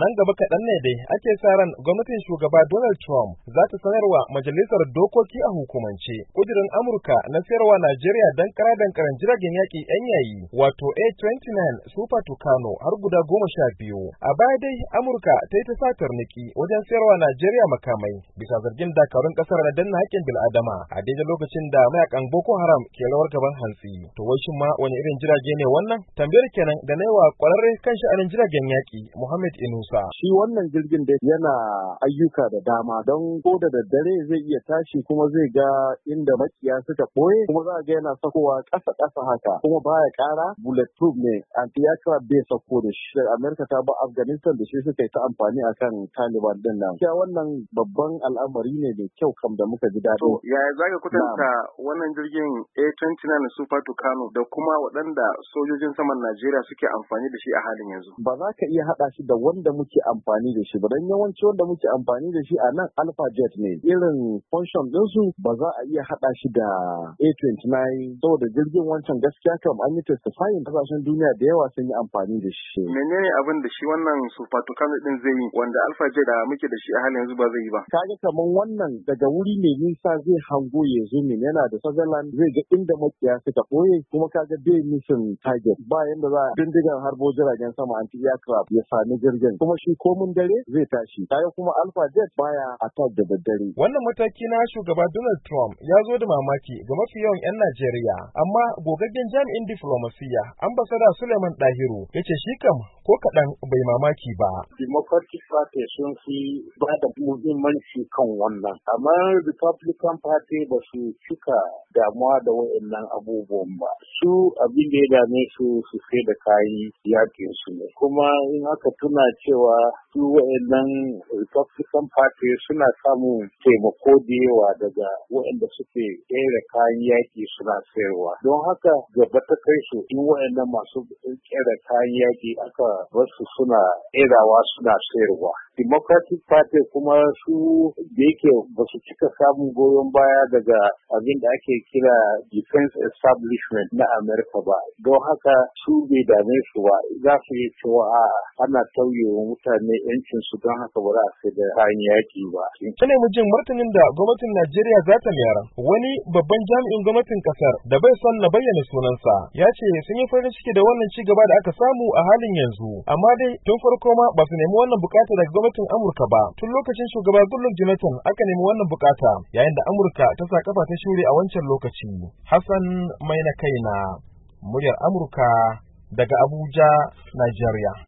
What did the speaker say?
nan gaba kaɗan ne dai ake sa ran gwamnatin shugaba Donald Trump za ta sanarwa majalisar dokoki a hukumance kudirin Amurka na sayarwa Najeriya dan kara dankaran jiragen yaƙi yan yayi wato A29 Super Tucano har guda goma sha biyu. A baya dai Amurka ta yi ta sa niki wajen sayarwa Najeriya makamai bisa zargin dakarun ƙasar na danna haƙƙin bil'adama a daidai lokacin da mayakan Boko Haram ke rawar gaban hantsi. To wai shin ma wani irin jirage ne wannan? Tambayar kenan da na yi wa ƙwararre kan sha'anin jiragen yaƙi Muhammad Inu Shi wannan jirgin da yana ayyuka da dama don ko da daddare zai iya tashi kuma zai ga inda makiya suka ɓoye kuma za a ga yana sakowa ƙasa ƙasa haka kuma baya ƙara bulletproof ne anti-aircraft bai sako da shi. Amerika ta ba Afghanistan da shi suka yi ta amfani a akan Taliban din nan. Ya wannan babban al'amari ne mai kyau kam da muka ji daɗi. Yaya za ka kwatanta wannan jirgin A29 Super Tucano da kuma waɗanda sojojin saman Najeriya suke amfani da shi a halin yanzu? Ba za ka iya haɗa shi da wanda muke amfani da shi ba yawanci wanda muke amfani da shi a nan alpha jet ne irin function ɗinsu ba za a iya haɗa shi da A29 saboda jirgin wancan gaskiya kam an yi testifying kasashen duniya da yawa sun yi amfani da shi. Menene abin da shi wannan Super Tucano din zai yi wanda Alpha Jet da muke da shi a halin yanzu ba zai yi ba? Kaga kaman wannan daga wuri mai nisa zai hango ya zo ne yana da Sutherland zai ga inda makiya suka ɓoye kuma kaga bai mission target ba yanda za a bindigar harbo jiragen sama anti aircraft ya sami jirgin. kuma shi komin dare zai tashi kaya kuma alpha jet baya a attack da daddare wannan mataki na shugaba Donald Trump ya zo da mamaki ga mafi yawan 'yan Najeriya amma gogaggen jami'in diflomasiyya ambassador Suleiman Dahiru yace shi kam ko kaɗan bai mamaki ba. Democratic Party sun fi ba da muhimmanci kan wannan amma Republican Party ba su cika damuwa da waɗannan abubuwan ba su abin da ya dame su su sai da kayan yakin su ne kuma in aka tuna cewa cewa su wa'annan republican party suna samun taimako da yawa daga wa'anda suke kera kayan yaki suna sayarwa don haka gaba ta kai su in wa'annan masu kera kayan yaki aka bar su suna erawa suna sayarwa democratic party kuma su da yake ba su cika samun goyon baya daga abin da ake kira defense establishment na Amerika ba don haka su bai dame su ba za su yi cewa a ana tauye wa mutane yancin su don haka ba za a sai da kayan yaki ba. ta mu jin martanin da gwamnatin najeriya za ta mayar wani babban jami'in gwamnatin kasar da bai son na bayyana sunansa ya ce sun yi farin ciki da wannan ci gaba da aka samu a halin yanzu amma dai tun farko ma ba su nemi wannan bukata daga gwamnatin Amurka ba tun lokacin shugaba Goodluck Jonathan aka nemi wannan bukata yayin da Amurka ta sa kafa ta shure a wancan lokaci. Hassan Maina Kaina, muryar Amurka daga Abuja, Najeriya.